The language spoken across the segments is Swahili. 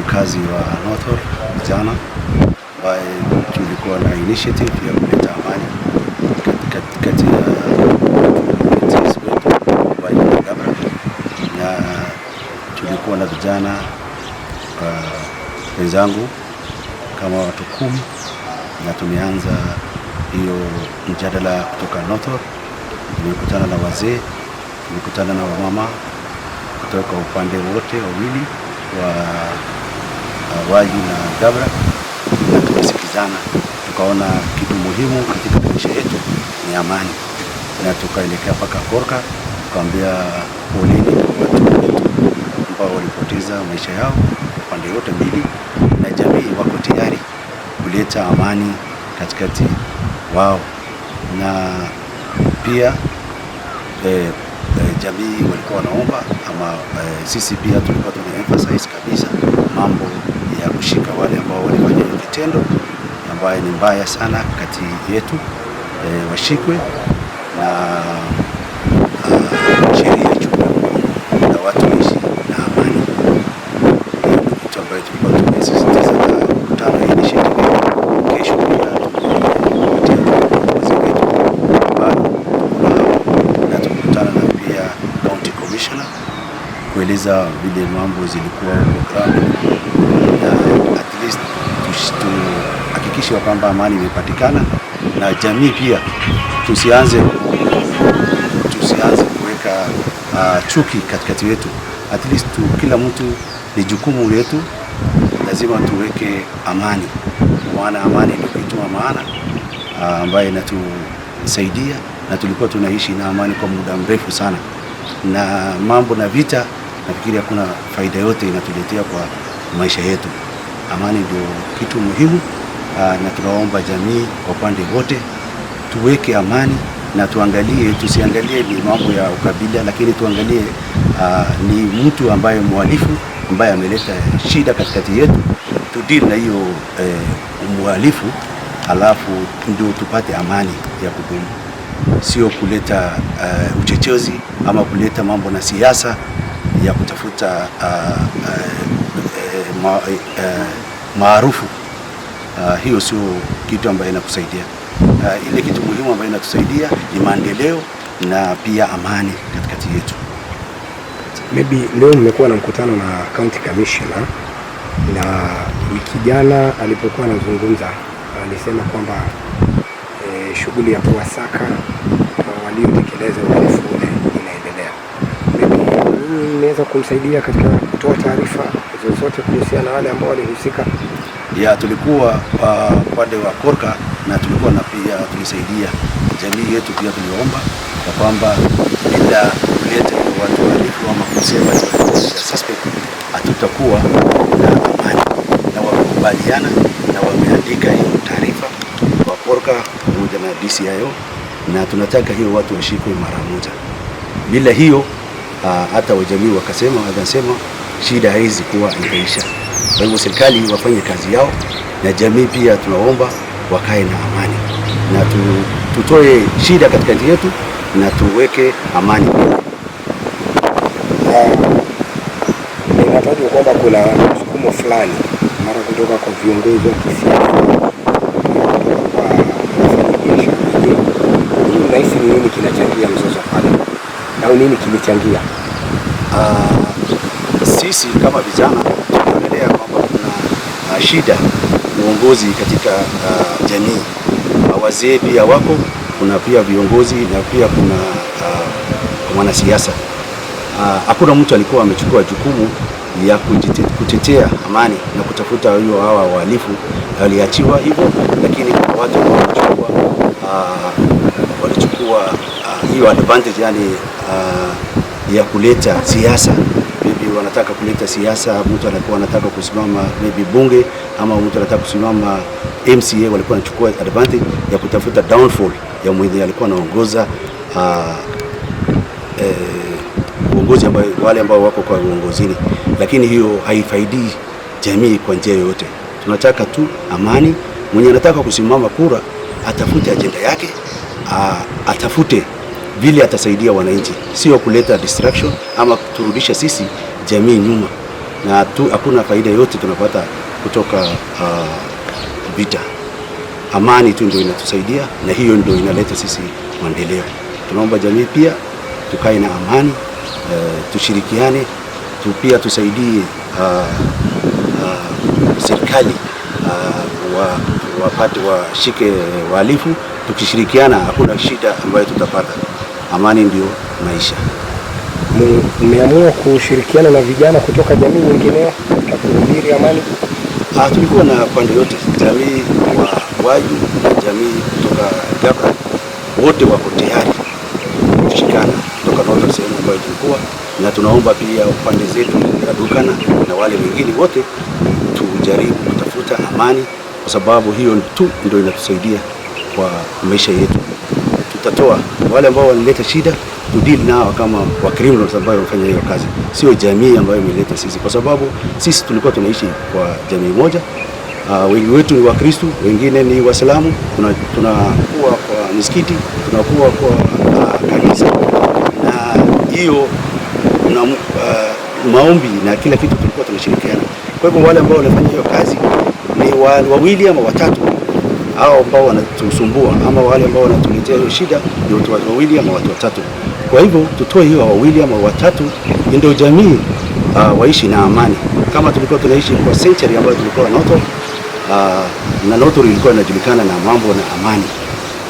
mkazi wa North Horr vijana, ambaye tulikuwa na initiative ya kuleta amani kati ya na tulikuwa na vijana uh, wenzangu kama watu kumi na tumeanza hiyo mjadala kutoka North Horr. Tumekutana na wazee, tumekutana na wamama kutoka upande wote wawili wa mauaji na Gabra, na tukasikizana, tukaona kitu muhimu katika maisha yetu ni amani, na tukaelekea mpaka Korka, tukaambia poleni watu wetu ambao walipoteza maisha yao pande yote mbili, na jamii wako tayari kuleta amani katikati wao na pia e, jamii walikuwa wanaomba ama e, sisi pia tulikuwa tuna emphasize kabisa mambo ya kushika wale ambao walifanya vitendo kitendo ambayo ni mbaya sana kati yetu, e, washikwe na ah, sheria chuma na watu waishi na amani. kitu ambayo tulikuwa tumesisitiza na mkutano hii ishirini kesho wetu ambao na tukutana na pia county commissioner kueleza vile mambo zilikuwa programu tuhakikishe kwamba amani imepatikana na jamii pia tusianze tusianze kuweka uh, chuki katikati yetu. At least tu, kila mtu ni jukumu letu, lazima tuweke amani, maana amani ndio kitu maana uh, ambayo inatusaidia na tulikuwa tunaishi na amani kwa muda mrefu sana, na mambo na vita, nafikiri hakuna faida yote inatuletea kwa maisha yetu amani ndio kitu muhimu aa, ah, na tunaomba jamii kwa upande wote tuweke amani na tuangalie, tusiangalie ni mambo ya ukabila, lakini tuangalie aa, ah, ni mtu ambaye mhalifu ambaye ameleta shida katikati yetu, tudili na hiyo e, eh, umuhalifu, alafu ndio tupate amani ya kudumu, sio kuleta uh, uchochezi ama kuleta mambo na siasa ya kutafuta uh, uh, ma, eh, maarufu uh, hiyo sio kitu ambayo inakusaidia. Uh, ile kitu muhimu ambayo inatusaidia ni maendeleo na pia amani katikati yetu. Maybe leo mmekuwa na mkutano na county commissioner, na wiki jana alipokuwa anazungumza alisema kwamba e, shughuli ya kuwasaka waliotekeleza uhalifu ule inaendelea. Maybe naweza mm, kumsaidia katika kutoa taarifa zozote kuhusiana na wale ambao walihusika? Ya, tulikuwa ah, upande wa Korka na tulikuwa na pia tulisaidia jamii yetu, pia tuliomba kwa kwamba bila kuleta watu wahalifu ama kusema suspect hatutakuwa na amani, na wamekubaliana na wameandika hiyo taarifa kwa Korka pamoja na DCIO, na tunataka hiyo watu washikwe mara moja. Bila hiyo ah, hata wajamii wakasema wanasema shida haizi kuwa imeisha Kwa hivyo serikali wafanye kazi yao, na jamii pia tunaomba wakae na amani na tu, tutoe shida katika nchi yetu na tuweke amani. Inatajwa kwamba kuna msukumo fulani mara kutoka kwa viongozi wa kisiasa nahisi ni nini kinachangia mzozo pale au nini kilichangia? Uh, sisi kama vijana tunaonelea kwamba kuna uh, ah, shida uongozi katika uh, jamii. Ah, wazee pia wako, kuna pia viongozi na pia kuna uh, mwanasiasa. Hakuna uh, mtu alikuwa amechukua jukumu ya kutetea amani na kutafuta hiyo hawa wahalifu waliachiwa hivyo, lakini kwa watu walichukua uh, walichukua hiyo uh, advantage yani uh, ya kuleta siasa wanataka kuleta siasa, mtu anakuwa anataka kusimama maybe bunge ama mtu anataka kusimama MCA, walikuwa wanachukua advantage ya kutafuta downfall ya mwenye alikuwa anaongoza ah, eh, uongozi, ambao wale ambao wako kwa uongozini, lakini hiyo haifaidii jamii kwa njia yoyote. Tunataka tu amani. Mwenye anataka kusimama kura atafute ajenda yake, ah, atafute vile atasaidia wananchi, sio kuleta distraction ama kuturudisha sisi jamii nyuma, na hakuna faida yote tunapata kutoka ah, vita. Uh, amani tu ndio inatusaidia, na hiyo ndio inaleta sisi maendeleo. Tunaomba jamii pia tukae na amani, uh, tushirikiane tu pia tusaidie uh, uh, serikali uh, wapate wa washike wahalifu. Tukishirikiana hakuna shida ambayo tutapata. Amani ndio maisha mmeamua kushirikiana na vijana kutoka jamii nyingine na kuhubiri amani? Ah, tulikuwa na pande yote, jamii wa Waju na jamii kutoka Jaba, wote wako tayari kushikana kutoka nota sehemu ambayo tulikuwa na tunaomba pia upande zetu adukana na wale wengine wote tujaribu kutafuta amani, kwa sababu hiyo tu ndio inatusaidia kwa maisha yetu. Tutatoa wale ambao wanileta shida kudili nao kama wa criminals ambao wamefanya hiyo kazi, sio jamii ambayo imeleta sisi, kwa sababu sisi tulikuwa tunaishi kwa jamii moja. Uh, wengi wetu ni wakristu wengine ni Waislamu, tunakuwa tuna kwa misikiti, tunakuwa kwa uh, kanisa na hiyo na uh, maombi na kila kitu tulikuwa tunashirikiana. Kwa hivyo wale ambao wanafanya hiyo kazi ni wa, wawili ama watatu hao ambao wanatusumbua ama wale ambao wanatuletea hiyo shida ni watu wawili ama watu watatu. Kwa hivyo tutoe hiyo wawili ama watatu, ndio jamii uh, waishi na amani kama tulikuwa tunaishi kwa century ambayo tulikuwa Noto uh, na Noto ah, ilikuwa inajulikana na mambo na amani.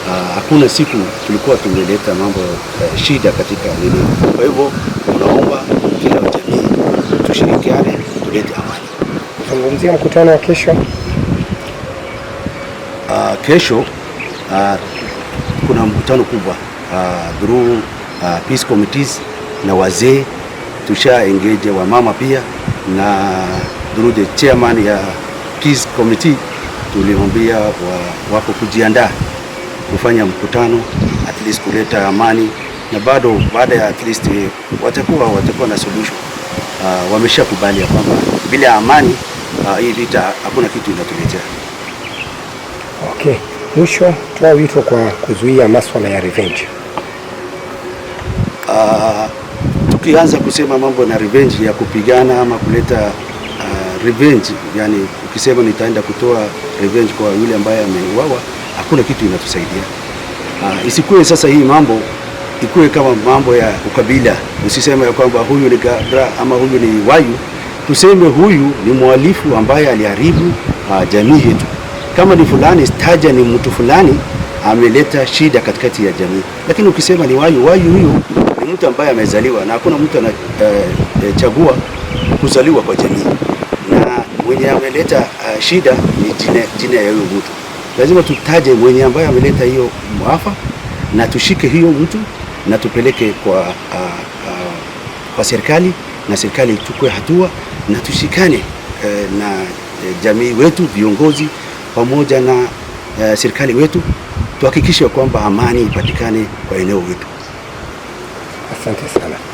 Uh, hakuna siku tulikuwa tumeleta mambo uh, shida katika nini. Kwa hivyo tunaomba kila jamii tushirikiane, tulete amani. Zungumzia mkutano wa kesho. Uh, kesho uh, kuna mkutano kubwa uh, through uh, peace committees na wazee tusha engage wa mama pia, na through the chairman ya peace committee tuliambia wa, wako kujiandaa kufanya mkutano at least kuleta amani, na bado baada ya at least eh, watakuwa watakuwa na solution uh, wameshakubali kwamba bila amani uh, hii vita hakuna kitu inatuletea. Okay, mwisho toa wito kwa kuzuia maswala ya revenge. Uh, tukianza kusema mambo na revenge ya kupigana ama kuleta uh, revenge, yani ukisema nitaenda kutoa revenge kwa yule ambaye ameuawa, hakuna kitu inatusaidia. Uh, isikuwe sasa hii mambo ikuwe kama mambo ya ukabila. Usiseme ya kwamba huyu ni gabra ama huyu ni Wayu, tuseme huyu ni mwalifu ambaye aliharibu uh, jamii yetu. Kama ni fulani, taja ni mtu fulani ameleta shida katikati ya jamii, lakini ukisema ni Wayu, Wayu huyo ni mtu ambaye amezaliwa na hakuna mtu anachagua eh, eh kuzaliwa kwa jamii, na mwenye ameleta uh, shida ni jina, jina ya huyo mtu. Lazima tutaje mwenye ambaye ameleta hiyo mwafa na tushike hiyo mtu na tupeleke kwa, uh, uh, kwa serikali na serikali ichukue hatua na tushikane uh, na jamii wetu, viongozi pamoja na uh, serikali wetu, tuhakikishe kwamba amani ipatikane kwa eneo wetu. 1 0ですかね。